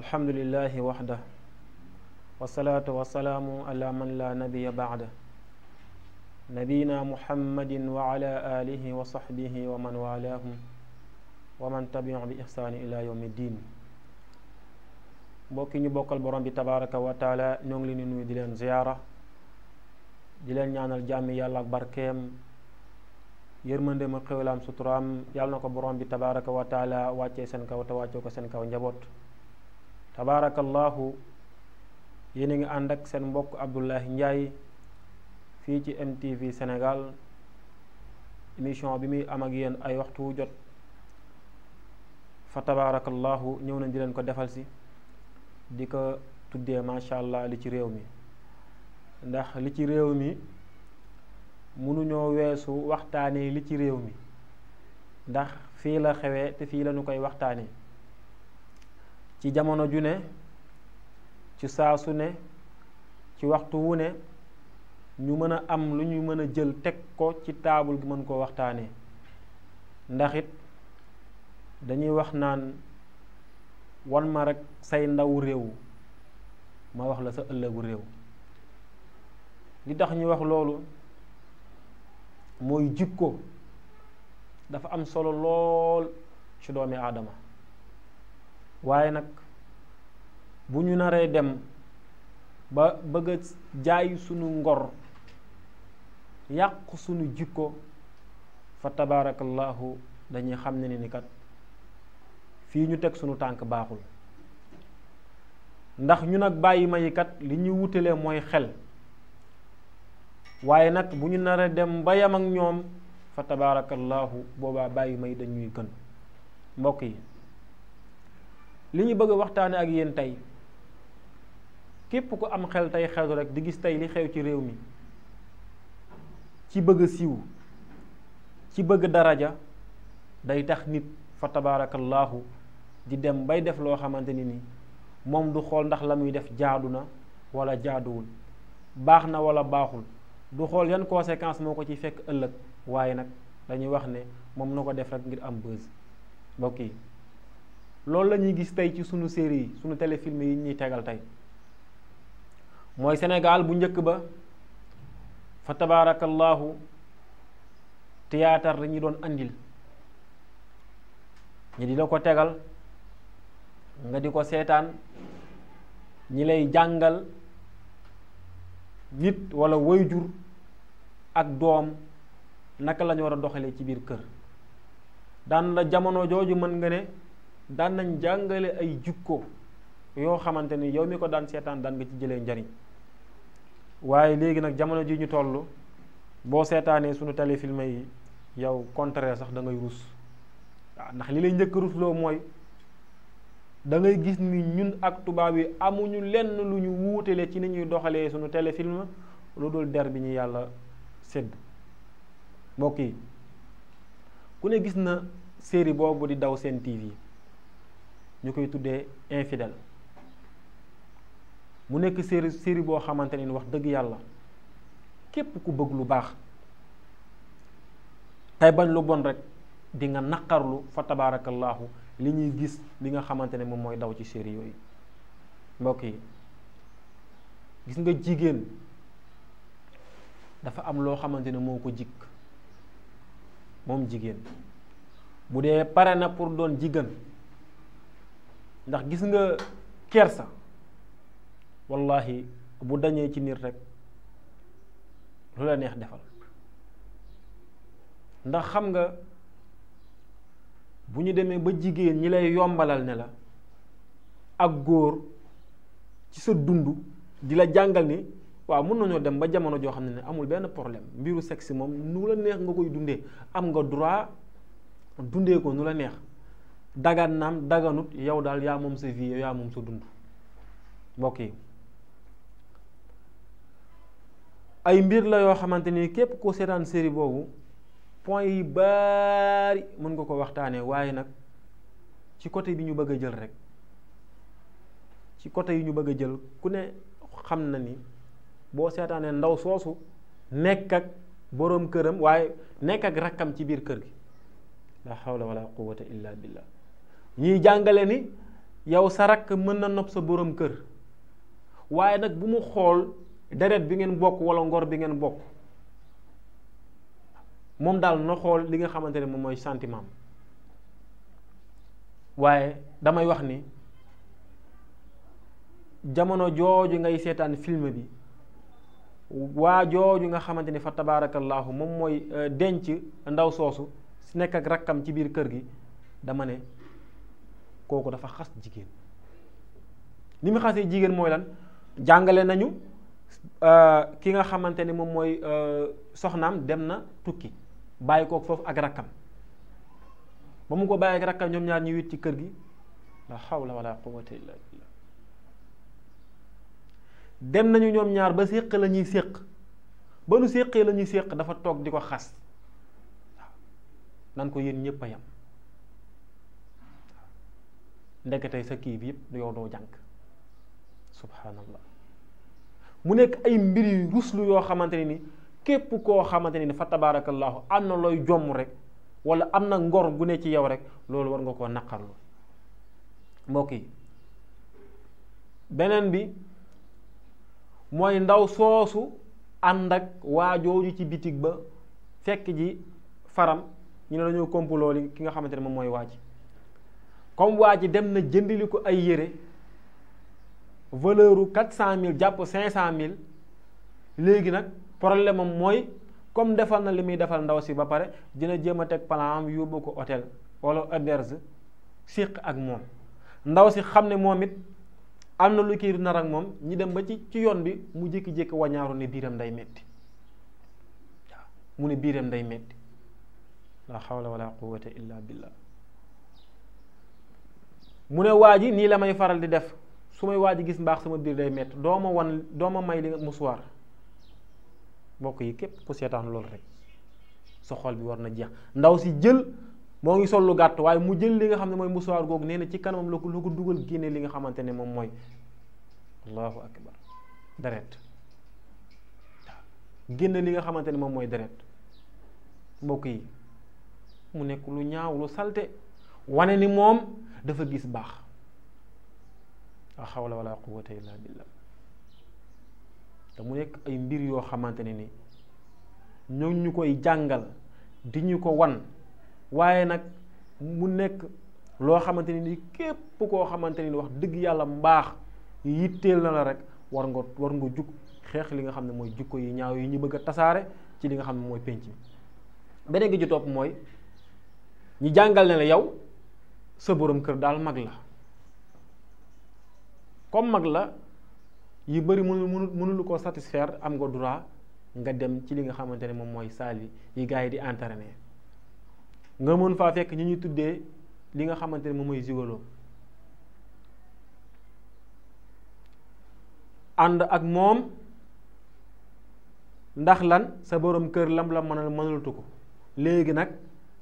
alhamdulillahi waxda wasalaatu wasalaamu ala man la nabiya baada nabiyina muhammadin wa ala alihi wa sahbihi wa man walaahum wa man tabiu bi ihsaani ila yawmi diin mbokki ñu bokkal borom bi tabaraka wa taala ñoo ngi leen di nuyu di leen ziyaara di leen ñaanal jàmmi yàlla ak barkeem yërmandeem ak xéwalaam suturaam yàlla na ko borom bi tabaraka wa taala wàccee seen kaw te wàccee ko seen kaw njaboot tabaarakallaahu yéen a ngi ànd ak seen mbokk Abdoulaye njaay fii ci MTV senegal émission bi muy am ak yéen ay waxtu jot fa tabaarakallaahu ñëw nañ di leen ko defal si di ko tuddee macha allah li ci réew mi ndax li ci réew mi mënuñoo weesu waxtaanee li ci réew mi ndax fii la xewee te fii lañu koy waxtaanee. ci jamono ju ne ci saa su ne ci waxtu wu ne ñu mën a am lu ñu mën a jël teg ko ci taabul gi mën koo waxtaane ndaxit dañuy wax naan wan ma rek say ndawu réew ma wax la sa ëllëgu réew li tax ñu wax loolu mooy ko dafa am solo lool ci doomi aadama waaye nag bu ñu naree dem ba bëgga jaay sunu ngor yàq sunu jikko fa tabaarakallaahu dañuy xam ne ni kat fii ñu teg sunu tànk baaxul ndax ñu nag bàyyi mayi kat li ñuy wutale mooy xel waaye nag bu ñu naree dem ba yam ak ñoom fa tabaarakallaahu boobaa bàyyi may dañuy gën mbokk yi li ñu bëgg a waxtaane ak yéen tey képp ku am xel tey xelu rek di gis tey li xew ci réew mi ci bëgg a siiw ci bëgg daraja day tax nit fa tabaarakallaahu di dem bay def loo xamante ni ni moom du xool ndax la muy def jaadu na wala jaaduwul baax na wala baaxul du xool yan conséquence moo ko ci fekk ëllëg waaye nag dañuy wax ne moom na ko def rek ngir am bës mbokk yi loolu la ñuy gis tey ci sunu série yi sunu téléfilm yi ñuy tegal tey mooy senegaal bu njëkk ba fa tabaarakallaahu théâtre la ñu doon indil ñi di la ko tegal nga di ko seetaan ñi lay jàngal nit walla jur ak doom naka lañu ñu war a doxalee ci biir kër daan la jamono jooju mën nga ne daan nañ jàngale ay jukko yoo xamante ni yow mi ko daan seetaan daan nga ci jëlee njariñ waaye léegi nag jamono ji ñu toll boo seetaanee suñu téléfilm yi yow contraire sax da ngay rus waaw ndax li lay njëkk rusloo mooy dangay gis ni ñun ak tubaab yi amuñu lenn lu ñu wuutale ci ni ñuy doxalee suñu téléfilm lu dul der bi ñu yàlla sedd mbokk yi ku ne gis na série boobu di daw seen TV ñu koy tuddee infidèle mu nekk série série boo xamante ne wax dëgg yàlla képp ku bëgg lu baax tey bañ lu bon rek di nga naqarlu fa tabaarakallaahu li ñuy gis li nga xamante ne moom mooy daw ci série yooyu mbokk yi gis nga jigéen dafa am loo xamante ne moo ko jikk moom jigéen bu dee pare na pour doon jigéen ndax gis nga kersa wallahi bu dañee ci nit rek lu la neex defal ndax xam nga bu ñu demee ba jigéen ñi lay yombalal ne la ak góor ci sa dund di la jàngal ni waaw mën nañoo dem ba jamono joo xam ne ne amul benn problème mbiru sexe moom nu la neex nga koy dundee am nga droit dundee ko nu la neex dagan naam daganut yow daal yaa moom sa vie yaa moom sa dund mbokk yi ay mbir la yoo xamante ni képp ko seetaan séri boobu point yi baari mën nga ko waxtaanee waaye nag ci côté bi ñu bëgg a jël rek ci côté yi ñu bëgg a jël ku ne xam na ni boo seetaanee ndaw soosu nekk ak boroom këram waaye nekk ak rakkam ci biir kër gi la hawla wala quwwata illa billah ñuy jàngale ni yow sa rakk mën na nopp sa boroom kër waaye nag bu mu xool deret bi ngeen bokk wala ngor bi ngeen bokk moom daal na xool li nga xamante ne moom mooy sentiment waaye damay wax ni jamono jooju ngay seetaan film bi waa jooju nga xamante ni fa tabaarakallaahu moom mooy euh, denc ndaw soosu si nekk ak rakkam ci biir kër gi dama ne kooku dafa xas jigéen li mu xasee jigéen mooy lan jàngale nañu euh, ki nga xamante ne moom mooy euh, soxnaam dem na tukki bàyyi kook foofu ak rakkam ba mu ko bàyyi ak rakkam ñoom ñaar ñu wit ci kër gi la hawla wala quwwata illa billah dem nañu ñoom ñaar ba séq la ñuy séq ba nu séqee la ñuy séq dafa toog di ko xas waaw nan ko yéen ñëpp a yam ndeketey sa kii bi yëpp yow doo jàng subhanallah mu nekk ay mbir rus ruslu yoo xamante ne ni képp koo xamante ni fa tabaarakallaahu am na looy jomm rek wala am na ngor gu ne ci yow rek loolu war nga koo naqarlu mbokk yi beneen bi mooy ndaw soosu ànd ak waajooju ci bitig ba fekk ji faram ñu la dañoo kompuloo li ki nga xamante ne moom mooy waaj comme waa ji dem na jëndili ko ay yére valeur u quatre cent mille jàpp cinq cent mille léegi nag problème am mooy comme defal na li muy defal ndaw si ba pare dina jéem a teg plan yóbbu ko otel wala auberge siq ak moom ndaw si xam ne moom it am na lu kii nar ak moom ñi dem ba ci ci yoon bi mu jékki-jékki wañaaru ne biiram day metti waaw mu ne biiram nday metti la xawla wala quwwata illa mu ne waa ji nii la may faral di def su may waa ji gis mbaax sama biir day métti doo ma wan doo ma may li nga musuwaar mbokk yi képp ku seetaan loolu rek sa xol bi war na jeex ndaw si jël moo ngi sol lu gàtt waaye mu jël li nga xam ne mooy musuwaar googu nee na ci kanamam la ko la ko dugal génne li nga xamante ne moom mooy allahu akbar deret waaw li nga xamante ne moom mooy deret mbokk yi mu nekk lu ñaaw lu salte wane ni moom dafa gis baax a la wala quwwata illa billah te mu nekk ay mbir yoo xamante ne ni ñoo ñu koy jàngal di ñu ko wan waaye nag mu nekk loo xamante ni ni képp koo xamante ne ni wax dëgg yàlla mbaax yitteel na la rek war nga war nga jug xeex li nga xam ne mooy jikko yi ñaaw yi ñu bëgg a tasaare ci li nga xam ne mooy pénc mi beneen gi ju topp mooy ñu jàngal ne la yow sa boroom kër daal mag la comme mag la yu bëri mënu mënu mënulu koo satisfaire am nga droit nga dem ci li nga xamante ne moom mooy saali yi gars yi di entraîner nga mën faa fekk ñu ñuy tuddee li nga xamante ne moom mooy zigolo ànd ak moom ndax lan sa boroom kër lam la mënal mënalatu ko léegi nag.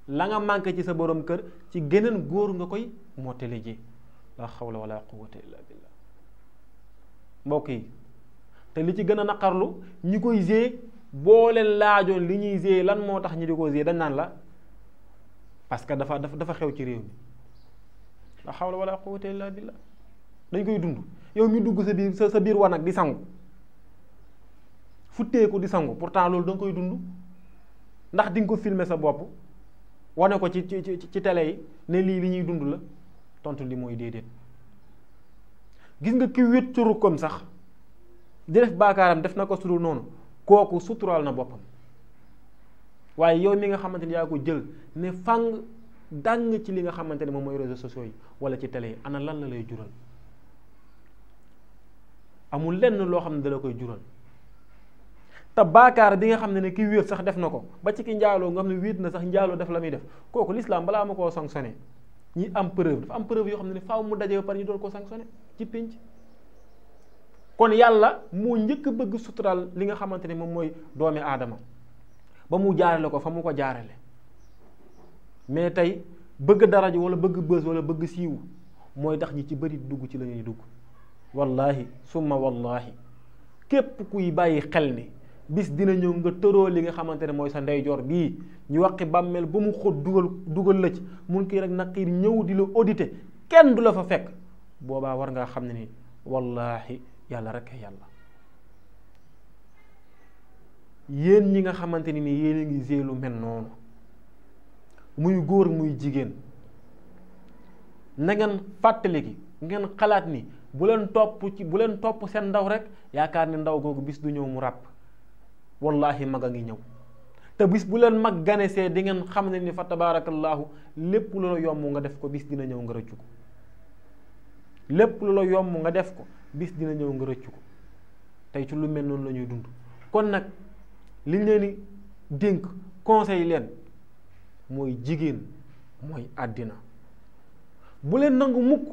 la mànk ci sa borom kër ci geneen góor nga koy mottali ji la xawla wala quwwata illa billah mbokk yi te li ci gën a naqarlu ñi koy géey boo leen laajoon li ñuy géey lan moo tax ñi di ko géey dañ naan la parce que dafa dafa xew ci réew mi la xawla wala quwwata illa billah dañ koy dund yow mi dugg sa biir sa sa biir wanag di sangu futteeku di sangu pourtant loolu danga koy dund ndax di nga ko filmer sa bopp wane ko ci ci ci télé yi ne lii li ñuy dund la tontu li mooy déedéet gis nga kii wét ci rukkam sax di def baakaaram def na ko sudul noonu kooku suturaal na boppam waaye yow mi nga xamante ni yaa ko jël ne fang dàng ci li nga xamante ne moom mooy réseaux sociaux yi wala ci tele yi ana lan la lay jural amul lenn loo xam ne dala koy jural te baakaar bi nga xam ne ne ki wéet sax def na ko ba ci ki njaaloo nga xam ne wéet na sax njaaloo def la muy def kooku l'islam balaa ma koo sanctionné ñi am preuve dafa am preuve yoo xam ne ne faw mu daje ba pare ñu doon ko sanctionné ci pénc yàlla moo njëkk a bëgg sutural li nga xamante ne moom mooy doomi aadama ba mu jaarale ko fa mu ko jaarale mais tey bëgg daraja wala bëgg bës wala bëgg siiw mooy tax ñi ci bëri dugg ci la ñuy dugg wallaahi summa wallaahi képp kuy bàyyi xel ni bis dina ñëw nga tëroo li nga xamante ne mooy sa ndeyjoor bii ñu waqi bàmmeel ba mu xóot dugal dugal la ci mun kii rek naqiir ñëw di la audité kenn du la fa fekk boobaa war ngaa xam ne ni wallaahi yàlla rek yàlla yéen ñi nga xamante ni ni yéen a ngi géelu mel noonu muy góor muy jigéen na ngeen fàttaliki ngeen xalaat ni bu leen topp ci bu leen topp seen ndaw rek yaakaar ni ndaw googu bis du ñëw mu ràpp wallahi mag a ngi ñëw te bis bu leen mag ganesee di ngeen xam ne ni fa tabaarakallaahu lépp lu la yomb nga def ko bis dina ñëw nga rëccu ko lépp lu yomb nga def ko bis dina ñëw nga rëccu ko tey ci lu mel noonu la ñuy dund kon nag li leen di dénk conseil leen mooy jigéen mooy àddina bu leen nangu mukk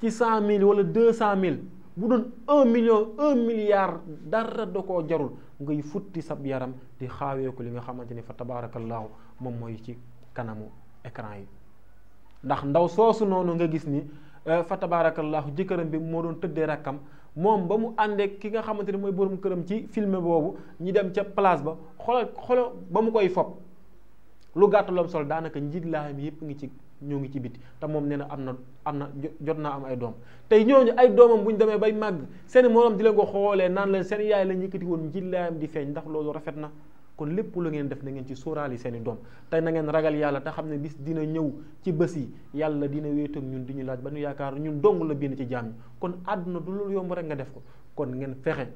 ci cent mille wala deux cent mille bu doon un million un milliard dara da koo jarul ngay futti sab yaram di xaawee ko li nga xamante ni fa tabaarakallaahu moom mooy ci kanamu écran yi ndax ndaw soosu noonu nga gis ni euh, fa tabaarakallaahu jëkkëram bi moo doon tëddee rakkam moom ba mu àndee ki nga xamante ni mooy borom këram ci filme boobu ñi dem ca place ba xoolal xoolal ba mu koy fob lu gàttalom sol daanaka njiit laayam yëpp ngi ci ñoo ngi ci biti te moom nee na am na am na jot naa am ay doom tey ñooñu ay doomam bu ñu demee bay màgg seen morom di leen ko xoolee naan leen seen yaay lañ yëkkati woon njillaayam di feeñ ndax loolu rafet na kon lépp lu ngeen def na ngeen ci sóoraali seen i doom tey na ragal yàlla te xam ne bis dina ñëw ci bés yi yàlla dina wéetoog ñun di ñu laaj ba ñu yaakaar ñun dong la bind ci jaam kon àdduna du loolu yomb rek nga def ko kon ngeen fexe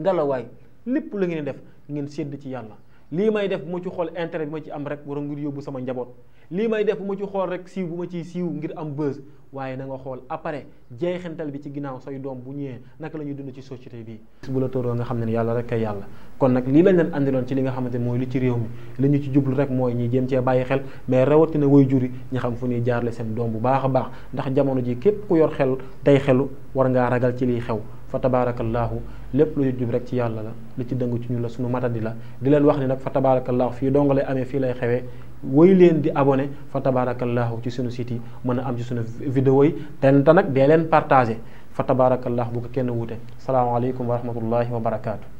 ngalawaay lépp lu ngeen def ngeen sédd ci yàlla lii may def bu ma ci xool intérêt bi ma ci am rek war ngir yóbbu sama njaboot lii may def mu ci xool rek siiw bu ma ciy siiw ngir am bës waaye na nga xool appare jeexantal bi ci ginnaaw say doom bu ñëwee naka la ñuy dund ci société bi. bu la tóoroo nga xam ne yàlla rek kay yàlla kon nag lii lañ leen andiloon ci li nga xamante ne mooy li ci réew mi li ñu ci jublu rek mooy ñi jéem cee bàyyi xel mais rawatina way juri ña xam fu ñuy jaarale seen doom bu baax a baax ndax jamono ji képp ku yor xel tey xelu war ngaa ragal ci liy xew fa tabaarakallaahu lépp lu jub rek ci yàlla la li ci dëng ci ñu la suñu matadi la di leen wax ni nag fa tabaarakallaahu fii dong lay amee fii lay xewee woy leen di abonné fa tabaarakallaahu ci suñu siti mën a am ci suñu vidéo yi ten te nag dee leen partagé fa tabaarakallaahu bu ko kenn wuute salaamaaleykum wa rahmatullahi wa barakaatu.